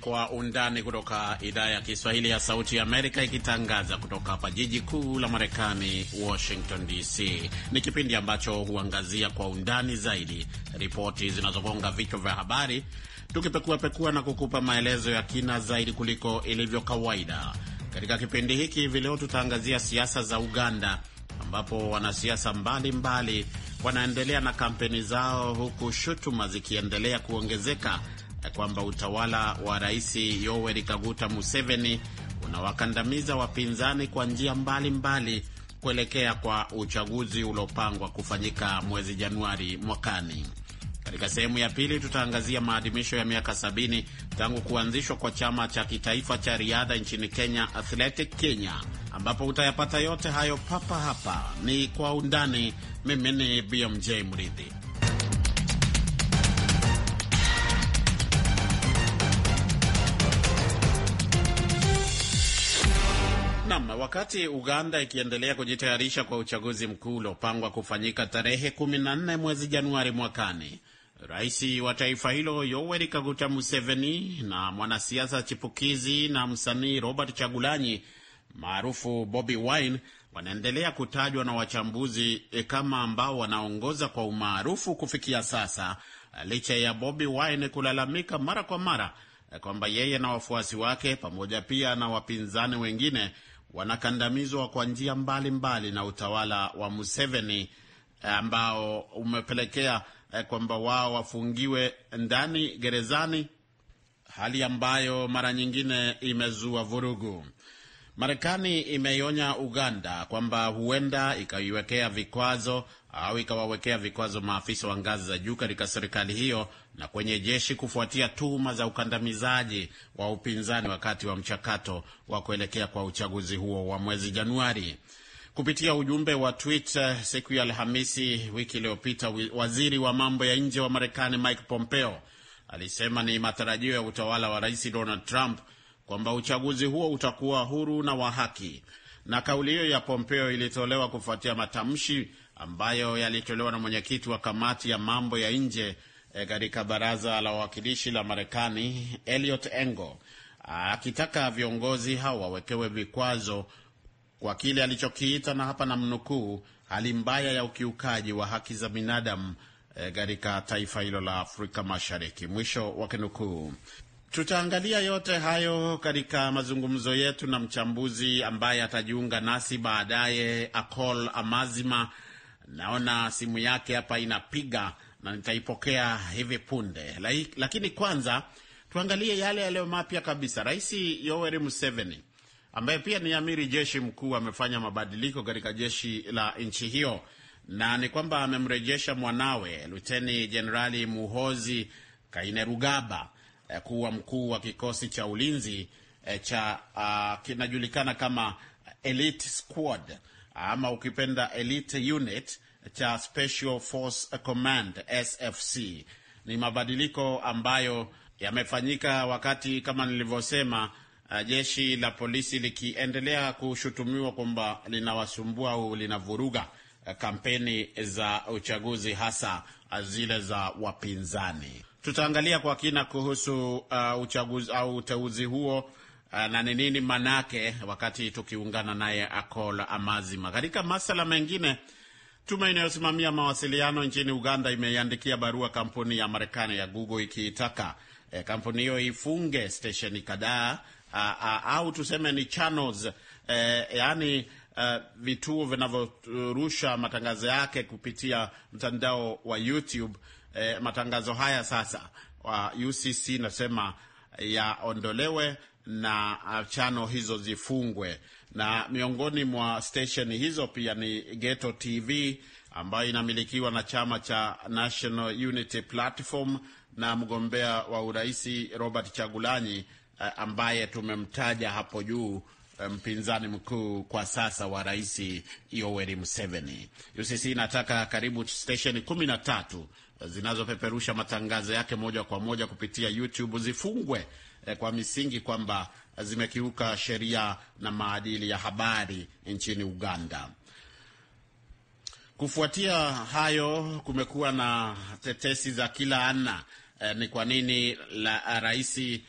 Kwa Undani kutoka idhaa ya Kiswahili ya Sauti ya Amerika, ikitangaza kutoka hapa jiji kuu la Marekani, Washington DC. Ni kipindi ambacho huangazia kwa undani zaidi ripoti zinazogonga vichwa vya habari, tukipekuapekua na kukupa maelezo ya kina zaidi kuliko ilivyo kawaida. Katika kipindi hiki hivi leo tutaangazia siasa za Uganda ambapo wanasiasa mbalimbali wanaendelea na kampeni zao huku shutuma zikiendelea kuongezeka kwamba utawala wa Rais Yoweri Kaguta Museveni unawakandamiza wapinzani kwa njia mbalimbali kuelekea kwa uchaguzi uliopangwa kufanyika mwezi Januari mwakani. Katika sehemu ya pili tutaangazia maadhimisho ya miaka sabini tangu kuanzishwa kwa chama cha kitaifa cha riadha nchini Kenya, Athletic Kenya, ambapo utayapata yote hayo papa hapa. Ni kwa undani. Mimi ni BMJ Mridhi. Nam, wakati Uganda ikiendelea kujitayarisha kwa uchaguzi mkuu uliopangwa kufanyika tarehe 14 mwezi Januari mwakani, rais wa taifa hilo Yoweri Kaguta Museveni na mwanasiasa chipukizi na msanii Robert Chagulanyi maarufu Bobi Wine wanaendelea kutajwa na wachambuzi e, kama ambao wanaongoza kwa umaarufu kufikia sasa, licha ya Bobi Wine kulalamika mara kwa mara e, kwamba yeye na wafuasi wake pamoja pia na wapinzani wengine wanakandamizwa kwa njia mbalimbali na utawala wa Museveni eh, ambao umepelekea eh, kwamba wao wafungiwe ndani gerezani, hali ambayo mara nyingine imezua vurugu. Marekani imeionya Uganda kwamba huenda ikaiwekea vikwazo au ikawawekea vikwazo maafisa wa ngazi za juu katika serikali hiyo na kwenye jeshi kufuatia tuhuma za ukandamizaji wa upinzani wakati wa mchakato wa kuelekea kwa uchaguzi huo wa mwezi Januari. Kupitia ujumbe wa Twitter eh, siku ya Alhamisi wiki iliyopita, waziri wa mambo ya nje wa Marekani Mike Pompeo alisema ni matarajio ya utawala wa Rais Donald Trump kwamba uchaguzi huo utakuwa huru na wa haki. Na kauli hiyo ya Pompeo ilitolewa kufuatia matamshi ambayo yalitolewa na mwenyekiti wa kamati ya mambo ya nje E, katika baraza la wawakilishi la Marekani, Eliot Engo akitaka viongozi hao wawekewe vikwazo kwa kile alichokiita na hapa namnukuu, hali mbaya ya ukiukaji wa haki za binadamu e, katika e, taifa hilo la Afrika Mashariki, mwisho wa kinukuu. Tutaangalia yote hayo katika mazungumzo yetu na mchambuzi ambaye atajiunga nasi baadaye, acol Amazima. Naona simu yake hapa inapiga na nitaipokea hivi punde. Lakini kwanza tuangalie yale yaliyo mapya kabisa. Rais Yoweri Museveni ambaye pia ni amiri jeshi mkuu amefanya mabadiliko katika jeshi la nchi hiyo, na ni kwamba amemrejesha mwanawe Luteni Jenerali Muhozi Kainerugaba eh, kuwa mkuu wa kikosi cha ulinzi eh, cha uh, kinajulikana kama Elite Squad ama ukipenda Elite Unit cha Special Force Command SFC. Ni mabadiliko ambayo yamefanyika wakati kama nilivyosema, uh, jeshi la polisi likiendelea kushutumiwa kwamba linawasumbua au linavuruga uh, kampeni za uchaguzi hasa uh, zile za wapinzani. Tutaangalia kwa kina kuhusu uh, uchaguzi au uteuzi huo uh, na ni nini manake, wakati tukiungana naye Akol Amazima katika masala mengine. Tume inayosimamia mawasiliano nchini Uganda imeiandikia barua kampuni ya Marekani ya Google ikiitaka e, kampuni hiyo ifunge stesheni kadhaa au tuseme ni channels e, yaani Uh, vituo vinavyorusha matangazo yake kupitia mtandao wa YouTube. Eh, matangazo haya sasa wa UCC nasema yaondolewe na ah, chano hizo zifungwe. Na miongoni mwa stesheni hizo pia ni Ghetto TV ambayo inamilikiwa na chama cha National Unity Platform na mgombea wa uraisi Robert Chagulanyi ah, ambaye tumemtaja hapo juu, eh, mpinzani mkuu kwa sasa wa rais Yoweri Museveni. UCC inataka karibu stesheni kumi na tatu eh, zinazopeperusha matangazo yake moja kwa moja kupitia YouTube zifungwe Eh, kwa misingi kwamba zimekiuka sheria na maadili ya habari nchini Uganda. Kufuatia hayo, kumekuwa na tetesi za kila aina eh, ni kwa nini la eh, rais eh,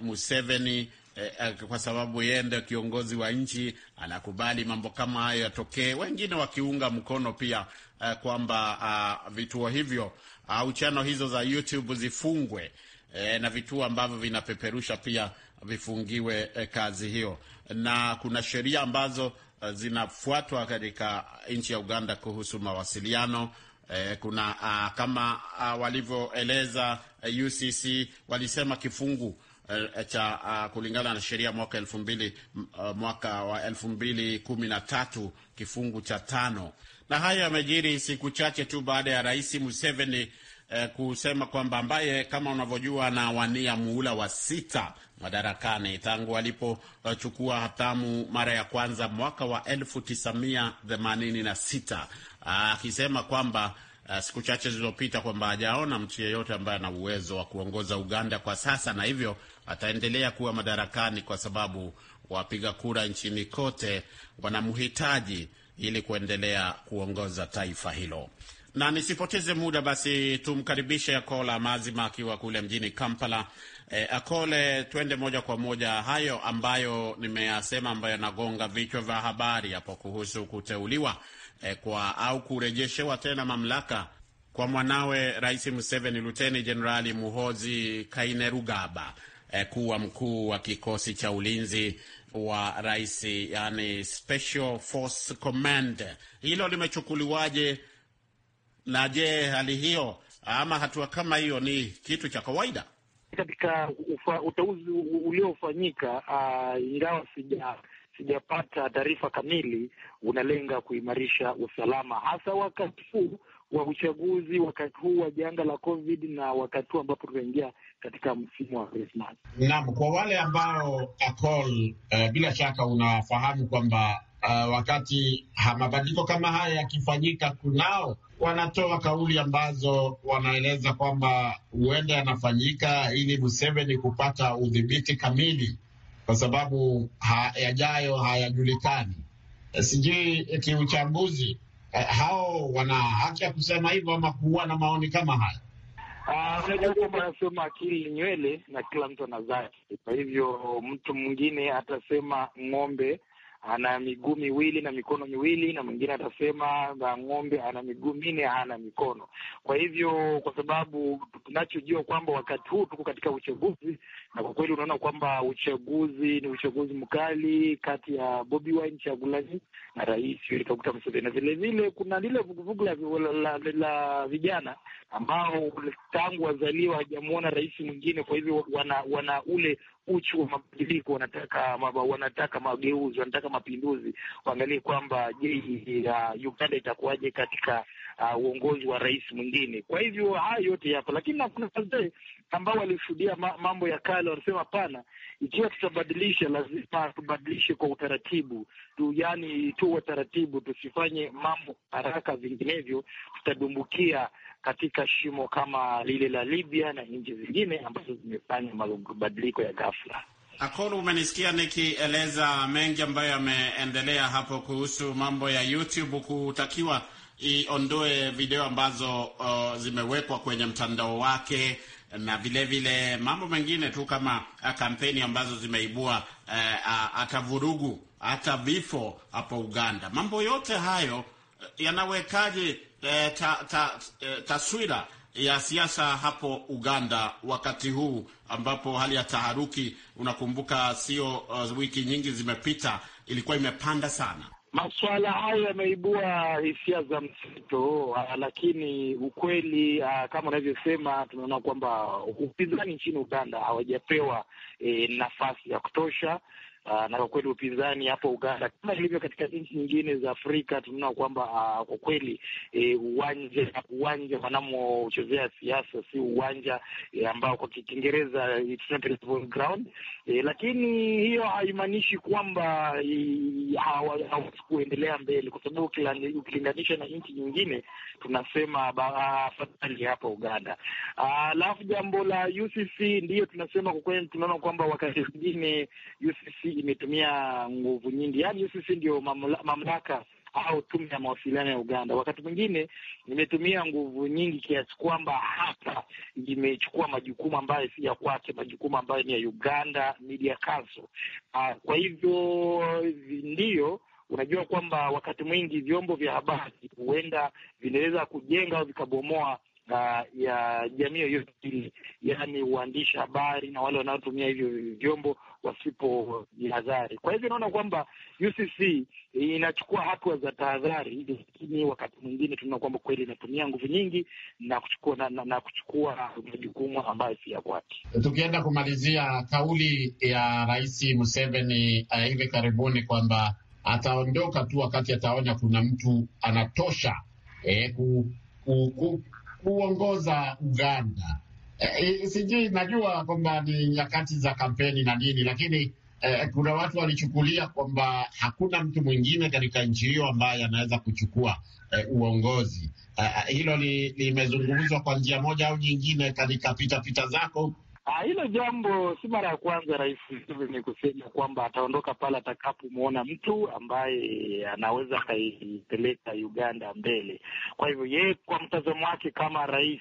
Museveni eh, eh, kwa sababu yeye ndio kiongozi wa nchi anakubali mambo kama hayo yatokee, wengine wakiunga mkono pia eh, kwamba ah, vituo hivyo au ah, chano hizo za YouTube zifungwe e, na vituo ambavyo vinapeperusha pia vifungiwe e, kazi hiyo, na kuna sheria ambazo e, zinafuatwa katika nchi ya Uganda kuhusu mawasiliano. E, kuna a, kama walivyoeleza e, UCC walisema kifungu e, e, cha a, kulingana na sheria mwaka elfu mbili mwaka wa elfu mbili kumi na tatu kifungu cha tano. Na hayo yamejiri siku chache tu baada ya Rais Museveni eh, kusema kwamba ambaye kama unavyojua anawania muhula wa sita madarakani tangu alipochukua hatamu mara ya kwanza mwaka wa 1986 akisema kwamba Uh, siku chache zilizopita kwamba hajaona mtu yeyote ambaye ana uwezo wa kuongoza Uganda kwa sasa, na hivyo ataendelea kuwa madarakani kwa sababu wapiga kura nchini kote wanamhitaji ili kuendelea kuongoza taifa hilo. Na nisipoteze muda basi, tumkaribishe Akola Mazima akiwa kule mjini Kampala. E, Akole, twende moja kwa moja hayo ambayo nimeyasema, ambayo yanagonga vichwa vya habari hapo kuhusu kuteuliwa e, kwa au kurejeshewa tena mamlaka kwa mwanawe Rais Museveni, Luteni Jenerali Muhozi Kainerugaba e, kuwa mkuu wa kikosi cha ulinzi wa rais, yani Special Force Command. Hilo limechukuliwaje? Na je, hali hiyo ama hatua kama hiyo ni kitu cha kawaida katika uteuzi uliofanyika? Uh, ingawa sija sijapata taarifa kamili, unalenga kuimarisha usalama hasa wakati huu wa uchaguzi, wakati huu wa janga la COVID na wakati huu ambapo tunaingia katika msimu wa Krismas. Naam, kwa wale ambao Akol, uh, eh, bila shaka unafahamu kwamba uh, wakati mabadiliko kama haya yakifanyika, kunao wanatoa kauli ambazo wanaeleza kwamba huenda yanafanyika ili Museveni kupata udhibiti kamili, kwa sababu ha, yajayo hayajulikani. Eh, sijui eh, kiuchambuzi, eh, hao wana haki ya kusema hivyo ama kuwa na maoni kama haya? Ah, Anasema akili nywele na kila mtu ana zake. Kwa hivyo mtu mwingine atasema ng'ombe ana miguu miwili na mikono miwili, na mwingine atasema ng'ombe ana miguu minne hana mikono. Kwa hivyo, kwa sababu tunachojua kwamba wakati huu tuko katika uchaguzi, na kwa kweli unaona kwamba uchaguzi ni uchaguzi mkali kati ya Bobi Wine Chagulani na Rais Yoweri Kaguta Museveni, na vilevile kuna lile vuguvugu la vijana ambao tangu wazaliwa hajamwona rais mwingine, kwa hivyo wana, wana ule uchu wa mabadiliko, wanataka maba, wanataka mageuzi, wanataka mapinduzi. Waangalie kwamba je, uh, Uganda itakuwaje katika uh, uongozi wa rais mwingine. Kwa hivyo haya yote yapo, lakini kuna wazee ambao walishuhudia ma mambo ya kale, wanasema hapana, ikiwa tutabadilisha lazima tubadilishe kwa utaratibu tu, yani tuwe taratibu, tusifanye mambo haraka, vinginevyo tutadumbukia katika shimo kama lile la Libya na nchi zingine ambazo zimefanya mabadiliko ya ghafla. Akoru, umenisikia nikieleza mengi ambayo yameendelea hapo kuhusu mambo ya YouTube kutakiwa iondoe video ambazo uh, zimewekwa kwenye mtandao wake na vilevile vile mambo mengine tu kama uh, kampeni ambazo zimeibua hata uh, vurugu hata vifo hapo Uganda. Mambo yote hayo uh, yanawekaje uh, ta, ta, uh, taswira ya siasa hapo Uganda wakati huu ambapo hali ya taharuki, unakumbuka sio uh, wiki nyingi zimepita, ilikuwa imepanda sana. Masuala hayo yameibua hisia za mseto, ah, lakini ukweli a, ah, kama unavyosema, tunaona kwamba upinzani nchini Uganda hawajapewa e, nafasi ya kutosha Uh, na kwa kweli upinzani hapo Uganda kama ilivyo katika nchi nyingine za Afrika tunaona kwamba uh, kwa kweli e, uwanja uwanja wanamochezea siasa si uwanja e, ambao kwa Kiingereza it's not ground e, lakini hiyo haimaanishi kwamba hawawezi kuendelea mbele, kwa sababu ukilinganisha na nchi nyingine tunasema ah, afadhali hapa Uganda. Alafu jambo la UCC ndiyo tunasema kwa kweli tunaona kwamba wakati mwingine UCC imetumia nguvu nyingi, yaani sisi ndio mamlaka au tume ya mawasiliano ya Uganda wakati mwingine imetumia nguvu nyingi kiasi kwamba hata imechukua majukumu ambayo si ya kwake, majukumu ambayo ni ya Uganda Media Council. Ah, kwa hivyo ndiyo unajua kwamba wakati mwingi vyombo vya habari huenda vinaweza kujenga au vikabomoa ah, ya jamii yoyote ile, yaani uandishi habari na wale wanaotumia hivyo vyombo wasipojihadhari. Kwa hivyo naona kwamba UCC inachukua hatua za tahadhari, lakini wakati mwingine tunaona kwamba kweli inatumia nguvu nyingi na kuchukua na, na, na kuchukua majukumu ambayo si ya kwake. Tukienda kumalizia kauli ya Rais Museveni uh, hivi karibuni kwamba ataondoka tu wakati ataonya kuna mtu anatosha eh, ku, ku, ku, kuongoza Uganda Eh, eh, sijui najua kwamba ni nyakati za kampeni na nini, lakini eh, kuna watu walichukulia kwamba hakuna mtu mwingine katika nchi hiyo ambaye anaweza kuchukua eh, uongozi. Eh, eh hilo limezungumzwa li kwa njia moja au nyingine katika pitapita zako. Ah, hilo jambo si mara ya kwanza Rais Museveni kusema kwamba ataondoka pale atakapomwona mtu ambaye anaweza akaipeleka Uganda mbele. Kwa hivyo yeye, kwa mtazamo wake kama rais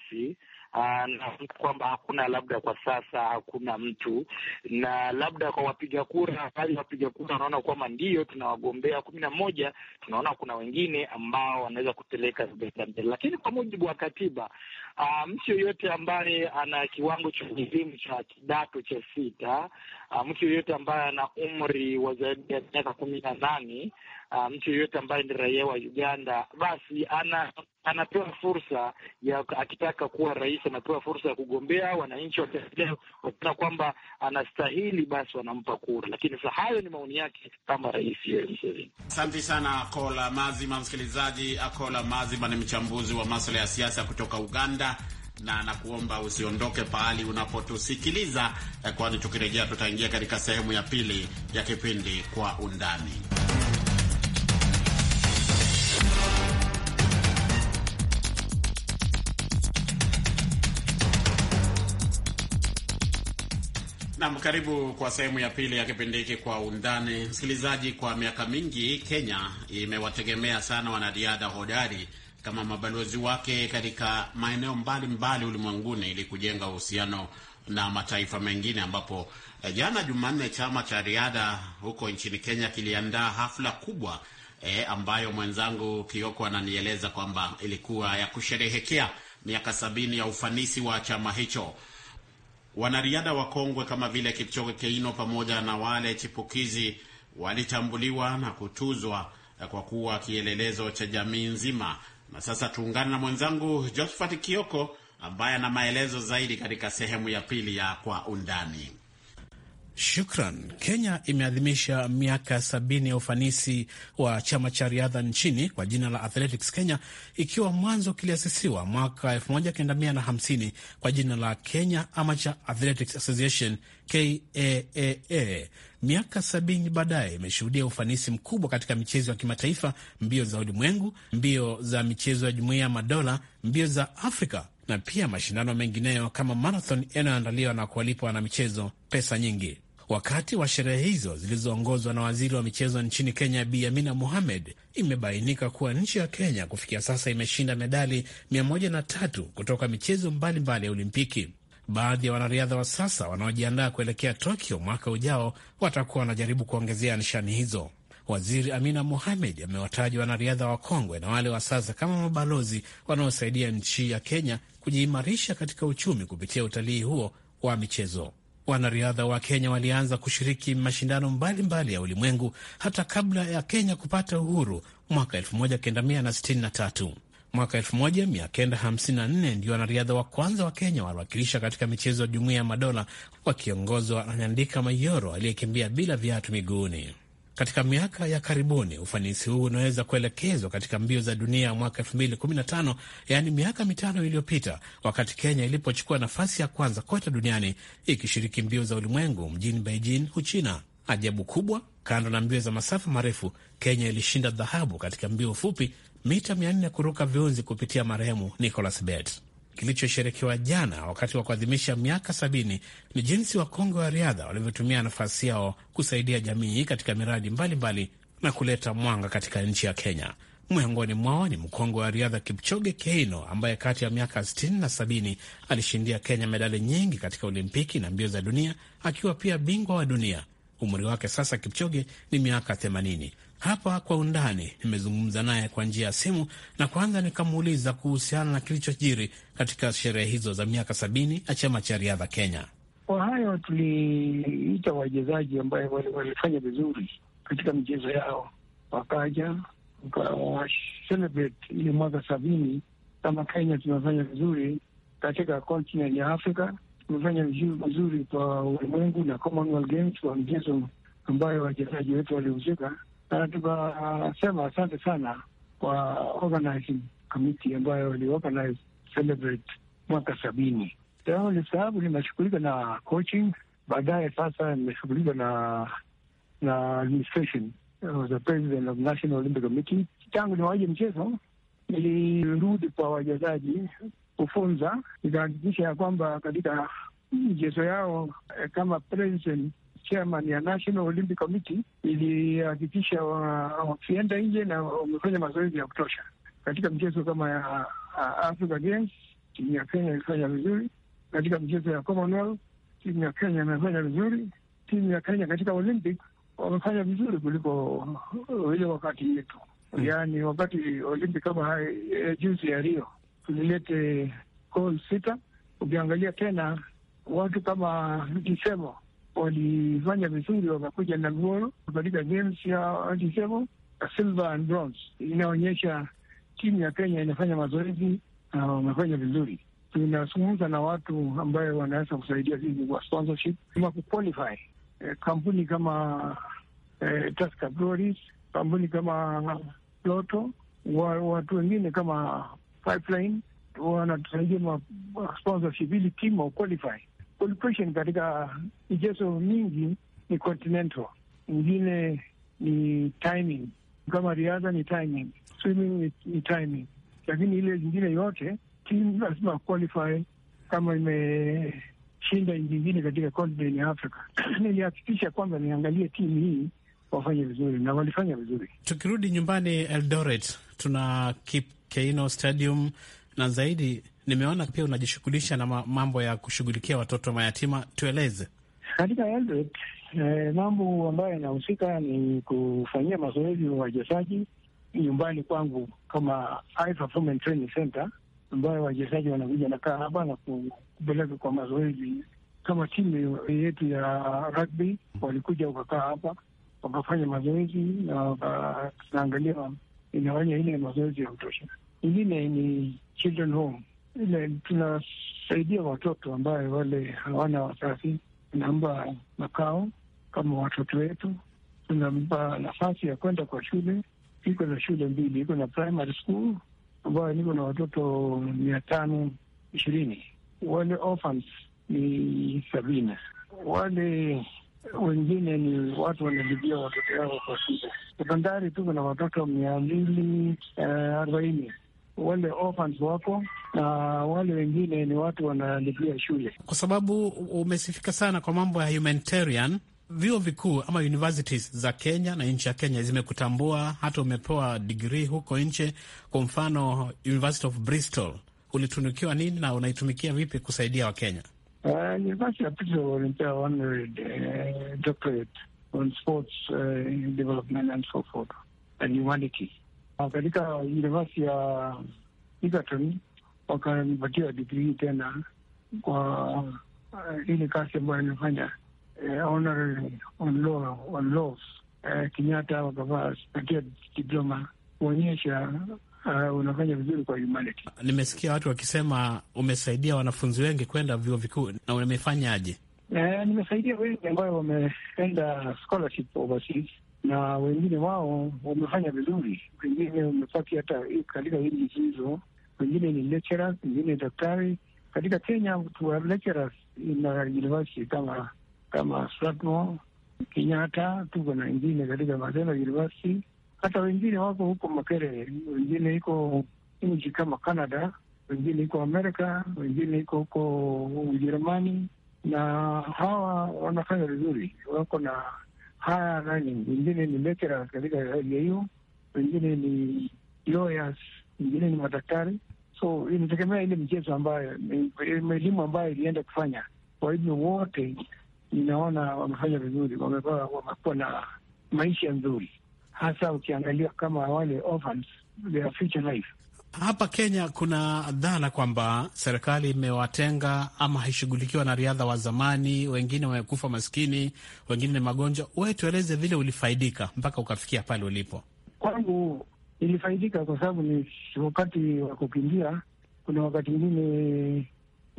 na kwamba hakuna labda kwa sasa hakuna mtu na labda kwa wapiga kura, ya wapiga kura wanaona kwamba ndiyo tuna wagombea kumi na moja, tunaona kuna wengine ambao wanaweza kupeleka mbele, lakini kwa mujibu wa katiba ah, mtu um, yoyote ambaye ana kiwango cha elimu cha kidato cha sita Ah, mtu yeyote ambaye ana umri wa zaidi ya miaka kumi na nane, ah, mtu yeyote ambaye ni raia wa Uganda, basi ana anapewa fursa ya akitaka kuwa rais, anapewa fursa ya kugombea. Wananchi wakiona kwamba anastahili, basi wanampa kura. Lakini sasa hayo ni maoni yake kama rais Yoweri Asante sana Akola Mazima. Msikilizaji, Akola Mazima ni mchambuzi wa masuala ya siasa kutoka Uganda na nakuomba usiondoke pahali unapotusikiliza, eh, kwani tukirejea tutaingia katika sehemu ya pili ya kipindi Kwa Undani. Nam, karibu kwa sehemu ya pili ya kipindi hiki kwa undani. Msikilizaji, kwa miaka mingi Kenya imewategemea sana wanariadha hodari kama mabalozi wake katika maeneo mbalimbali ulimwenguni ili kujenga uhusiano na mataifa mengine, ambapo eh, jana Jumanne chama cha riadha huko nchini Kenya kiliandaa hafla kubwa e, ambayo mwenzangu Kioko ananieleza kwamba ilikuwa ya kusherehekea miaka sabini ya ufanisi wa chama hicho. Wanariadha wakongwe kama vile Kipchoge Keino pamoja na wale chipukizi walitambuliwa na kutuzwa eh, kwa kuwa kielelezo cha jamii nzima na sasa tuungane na mwenzangu Josphat Kioko ambaye ana maelezo zaidi katika sehemu ya pili ya Kwa Undani. Shukran. Kenya imeadhimisha miaka sabini ya ufanisi wa chama cha riadha nchini kwa jina la Athletics Kenya, ikiwa mwanzo kiliasisiwa mwaka 1950 kwa jina la Kenya Amateur Athletics Association KAAA. Miaka sabini baadaye imeshuhudia ufanisi mkubwa katika michezo ya kimataifa, mbio za ulimwengu, mbio za michezo ya jumuiya ya madola, mbio za Afrika na pia mashindano mengineyo kama marathon yanayoandaliwa na na michezo pesa nyingi. Wakati wa sherehe hizo zilizoongozwa na waziri wa michezo nchini Kenya Bi Amina Mohamed, imebainika kuwa nchi ya Kenya kufikia sasa imeshinda medali 103 kutoka michezo mbalimbali ya Olimpiki. Baadhi ya wanariadha wa sasa wanaojiandaa kuelekea Tokyo mwaka ujao watakuwa wanajaribu kuongezea nishani hizo. Waziri Amina Mohamed amewataja wanariadha wa kongwe na wale wa sasa kama mabalozi wanaosaidia nchi ya Kenya kujiimarisha katika uchumi kupitia utalii huo wa michezo. Wanariadha wa Kenya walianza kushiriki mashindano mbalimbali mbali ya ulimwengu hata kabla ya Kenya kupata uhuru mwaka 1963. Mwaka 1954 ndio wanariadha wa kwanza wa Kenya waliwakilisha katika michezo ya Jumuiya ya Madola wakiongozwa na Nyandika Mayoro aliyekimbia bila viatu miguuni. Katika miaka ya karibuni ufanisi huu unaweza kuelekezwa katika mbio za dunia ya mwaka 2015 yaani miaka mitano iliyopita, wakati Kenya ilipochukua nafasi ya kwanza kote duniani ikishiriki mbio za ulimwengu mjini Beijing, Uchina. Ajabu kubwa, kando na mbio za masafa marefu, Kenya ilishinda dhahabu katika mbio fupi mita 400 kuruka viunzi kupitia marehemu Nicholas Bet kilichosherekewa jana wakati wa kuadhimisha miaka sabini ni jinsi wakongwe wa riadha walivyotumia nafasi yao kusaidia jamii katika miradi mbalimbali mbali na kuleta mwanga katika nchi ya Kenya. Miongoni mwao ni mkongwe wa riadha Kipchoge Keino ambaye kati ya miaka 60 na 70 alishindia Kenya medali nyingi katika Olimpiki na mbio za dunia akiwa pia bingwa wa dunia. Umri wake sasa Kipchoge ni miaka 80. Hapa kwa undani nimezungumza naye kwa njia ya simu, na kwanza nikamuuliza kuhusiana na kilichojiri katika sherehe hizo za miaka sabini ya chama cha riadha Kenya. Kwa hayo tuliita wachezaji ambaye walifanya vizuri katika michezo yao, wakaja ili ile mwaka sabini. Kama Kenya tumefanya vizuri katika continent ya Afrika, tumefanya vizuri kwa ulimwengu na Commonwealth Games wa mchezo ambayo wachezaji wetu walihusika na tunasema uh, asante sana kwa organizing committee ambayo waliorganize celebrate mwaka sabini. Nilistahabu, nimeshughulika na coaching, baadaye sasa nimeshughulika na na administration the president of National Olympic Committee. Tangu niwaije mchezo, nilirudi kwa wachezaji kufunza, nikahakikisha ya kwamba katika mchezo yao eh, kama president chairman ya National Olympic Committee ilihakikisha wakienda nje na wamefanya mazoezi ya kutosha katika mchezo kama ya Africa Games. Timu ya Kenya ilifanya vizuri katika mchezo ya Commonwealth. Timu ya Kenya imefanya vizuri. Timu ya Kenya katika Olympic wamefanya vizuri kuliko uh, ile wakati yetu, hmm. yaani wakati Olympic kama eh, eh, juzi ya Rio tulilete gol sita. Ukiangalia tena watu kama Kisemo walifanya vizuri, wakakuja na goro katika games ya antisebo silver and bronze. Inaonyesha timu ya Kenya inafanya mazoezi na uh, wamefanya vizuri. Tunazungumza na watu ambayo wanaweza kusaidia sisi kwa sponsorship ama kuqualify eh, kampuni kama eh, Tusker Breweries, kampuni kama Loto, wa, watu wengine kama Pipeline wanatusaidia ma sponsorship ili timu wa qualify pollination katika michezo mingi ni continental, ingine ni timing. Kama riadha ni timing, swimming ni, ni timing, lakini ile zingine yote timu lazima qualify kama imeshinda nchi katika continent ya Africa. Nilihakikisha kwamba niangalie timu hii wafanye vizuri na walifanya vizuri. Tukirudi nyumbani Eldoret, tuna Kip Keino Stadium na zaidi Nimeona pia unajishughulisha na mambo ya kushughulikia watoto mayatima, tueleze katika eh, mambo ambayo yanahusika ni kufanyia mazoezi wachezaji nyumbani kwangu kama High Performance Training Center ambayo wachezaji wanakuja nakaa hapa na kupeleka kwa mazoezi. Kama timu yetu ya rugby walikuja wakakaa hapa wakafanya mazoezi na wakaangalia inafanya ile mazoezi ya kutosha. Ingine ni children home ile tunasaidia watoto ambaye wale hawana wazazi, tunampa makao kama watoto wetu, tunampa nafasi ya kwenda kwa shule. Iko na shule mbili, iko na primary school ambayo niko na watoto mia tano ishirini, wale orphans ni sabini, wale wengine ni watu wanalibia watoto yao kwa shule. Sekondari tuko na watoto mia mbili eh, arobaini wale orphans wako na wale wengine ni watu wanalipia shule. Kwa sababu umesifika sana kwa mambo ya humanitarian, vyuo vikuu ama universities za Kenya na nchi ya Kenya zimekutambua, hata umepewa digrii huko nje. Kwa mfano University of Bristol, ulitunukiwa nini na unaitumikia vipi kusaidia Wakenya? Uh, University of Bristol uh, doctorate on sports uh, development and so forth and humanity katika university ya Egerton wakanipatia digrii tena kwa uh, ile kazi ambayo nimefanya eh, honorary on law, on laws eh, Kenyatta wakapatia diploma kuonyesha uh, unafanya vizuri kwa humanity. Nimesikia watu wakisema umesaidia wanafunzi wengi kwenda vyuo vikuu na umefanyaje? Eh, nimesaidia wengi ambayo wameenda scholarship overseas na wengine wao wamefanya vizuri, wengine wamepaki hata katika nchi hizo, wengine ni lecturers, wengine daktari. Katika Kenya tuwa lecturers na university kama kama Strathmore, Kenyatta, tuko na wengine katika Maseno University, hata wengine wako huko makere wengine iko nchi kama Canada, wengine iko Amerika, wengine iko huko Ujerumani, na hawa wanafanya vizuri, wako na haya nani, wengine ni lecturers katika area hiyo, wengine ni lawyers, wengine ni madaktari. So inategemea ile mchezo ambayo elimu ambayo ilienda kufanya. Kwa hivyo wote ninaona wamefanya vizuri, wamekuwa na maisha nzuri, hasa ukiangalia kama wale orphans, their future life hapa Kenya kuna dhana kwamba serikali imewatenga ama haishughulikiwa na riadha wa zamani, wengine wamekufa maskini, wengine ni magonjwa. Wewe tueleze vile ulifaidika mpaka ukafikia pale ulipo. Kwangu ilifaidika kwa sababu ni wakati wa kukimbia. Kuna wakati mwingine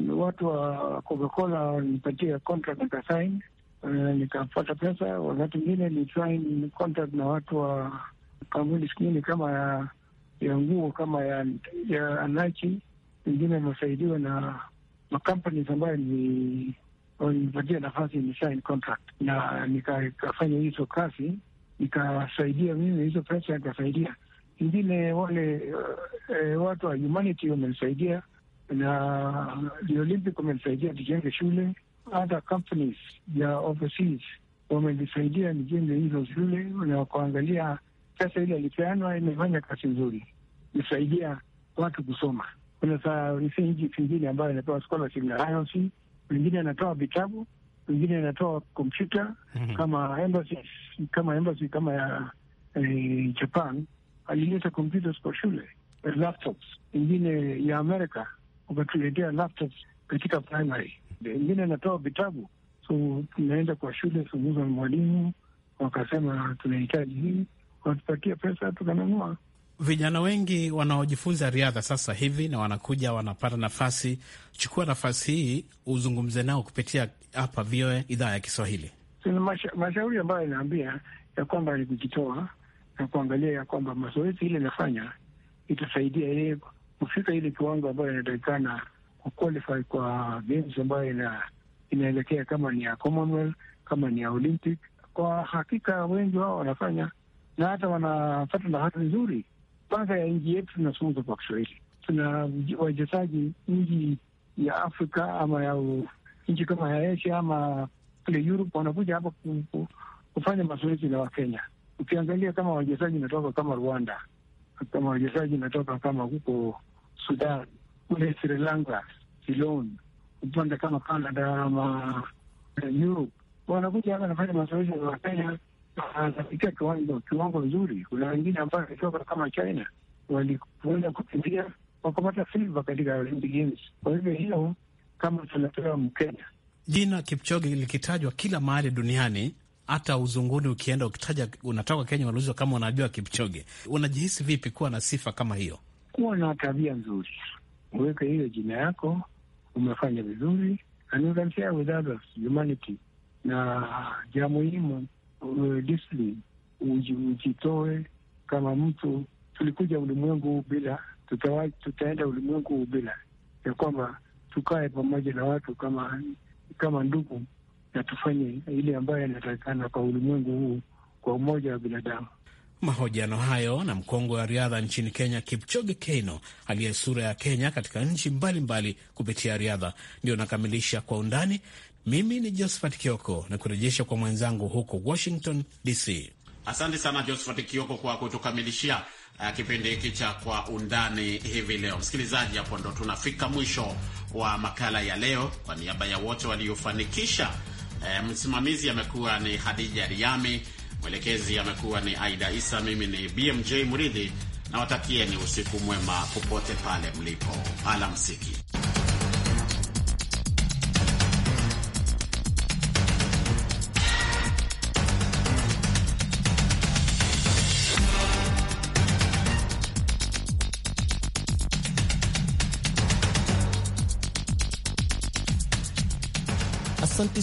watu wa Coca-Cola walinipatia contract nikasain, uh, eh, nikapata pesa. Wakati mwingine ni contract na watu wa kampuni skini kama ya nguo kama ya, ya anachi Wengine wamesaidiwa na makampani ambayo ni walinipatia nafasi ni sign contract, na nikafanya hizo kazi, nikasaidia mimi hizo pesa nikasaidia ingine wale e, watu wa humanity wamenisaidia na the Olympic wamenisaidia nijenge shule. Hata companies ya overseas wamenisaidia nijenge hizo shule na kuangalia Pesa ile ilipeanwa imefanya kazi nzuri, imesaidia watu kusoma. Kuna nchi zingine ambayo inapewa scholarship na IOC, wengine anatoa vitabu, wengine anatoa kompyuta mhm. kama embassy, kama embassy kama ya eh, Japan alileta kompyuta kwa shule eh, laptops, ya Amerika wakatuletea laptops katika primary, wengine anatoa vitabu. So tunaenda kwa shule, sumuza mwalimu, wakasema tunahitaji hii wanatupatia pesa tukanunua. Vijana wengi wanaojifunza riadha sasa hivi na wanakuja wanapata nafasi, chukua nafasi hii uzungumze nao kupitia hapa VOA idhaa ya Kiswahili. Sina masha, mashauri ambayo inaambia ya kwamba ni kujitoa na kuangalia ya kwamba mazoezi ile inafanya itasaidia yeye kufika ile kiwango ambayo inatakikana kuqualify kwa games ambayo ina, inaelekea kama ni ya Commonwealth, kama ni ya Olympic. Kwa hakika wengi wao wanafanya na hata wanapata na nzuri. Kwanza ya nji yetu tunazungumza kwa Kiswahili, tuna wachezaji nji ya Afrika ama ya nchi kama ya Asia ama kule Europe wanakuja hapa kufanya mazoezi na Wakenya. Ukiangalia kama wachezaji natoka kama Rwanda, kama wachezaji natoka kama huko Sudan, kule Sri Lanka, Ceylon, upande kama Canada ama eh, Europe, wanakuja hapa nafanya mazoezi na Wakenya katika kiwango kiwango nzuri. Kuna wengine ambayo walitoka kama China walikuenda kukimbia wakapata silva katika Olympic Games. Kwa hivyo hiyo kama tunatoa Mkenya jina Kipchoge likitajwa kila mahali duniani, hata uzunguni ukienda, ukitaja unatoka Kenya wanaulizwa kama unajua Kipchoge. Unajihisi vipi kuwa na sifa kama hiyo? Kuwa na tabia nzuri, uweke hiyo jina yako, umefanya vizuri, and you can share with others humanity, na ja muhimu Eh, ujitoe kama mtu. Tulikuja ulimwengu huu bila tutawa, tutaenda ulimwengu huu bila ya kwamba tukae pamoja na watu kama kama ndugu na tufanye ile ambayo yanatakikana kwa ulimwengu huu kwa umoja wa binadamu. Mahojiano hayo na mkongwe wa riadha nchini Kenya, Kipchoge Keino, aliye sura ya Kenya katika nchi mbalimbali kupitia riadha, ndio nakamilisha kwa undani. Mimi ni Josephat Kioko na kurejesha kwa mwenzangu huko Washington DC. Asante sana Josephat Kioko kwa kutukamilishia uh, kipindi hiki cha Kwa Undani hivi leo. Msikilizaji, hapo ndo tunafika mwisho wa makala ya leo. Kwa niaba ya wote waliofanikisha, uh, msimamizi amekuwa ni Hadija Riami, mwelekezi amekuwa ni Aida Isa, mimi ni BMJ Muridhi, nawatakieni usiku mwema popote pale mlipo. Alamsiki.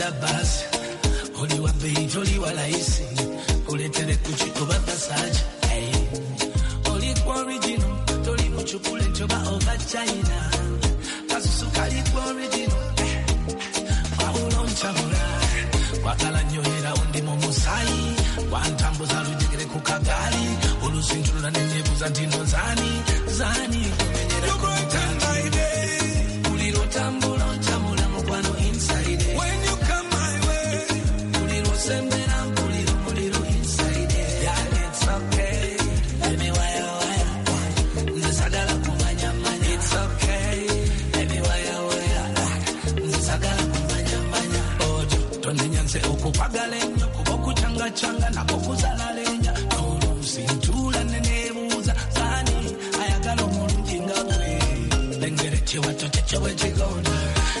kupanda basi, uliwa bei hey. original, toli muchukule China, original, undi momusai, kukagali, ndino zani, zani kumutani. Changa na kokuzala lenya tolusi ntula nenebuza zani ayagala omuntu nga gwe lengere kiwato kyekyewekigonda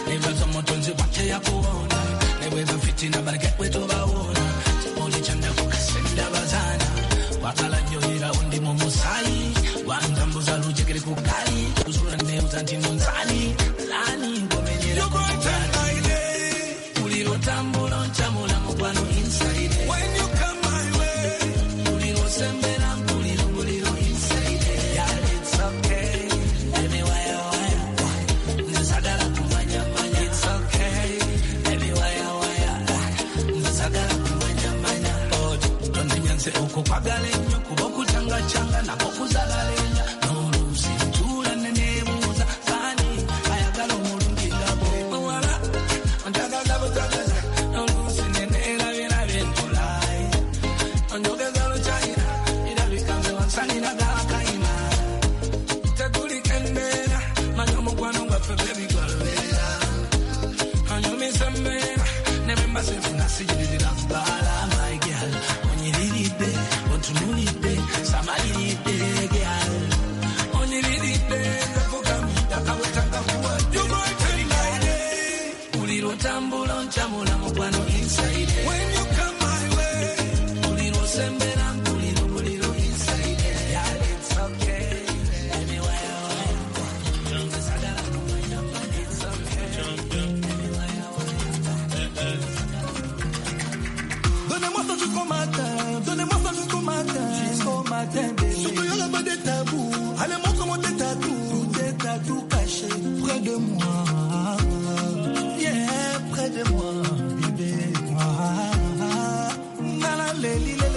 nebaza omutonzi bwakye yakuwona nebweza fitina baleke kwetobawona kipoli kyandakukasendabazaana wakala nyoyira undi mu musayi wanzambuza lujegere kukali uzula nebuza nti leli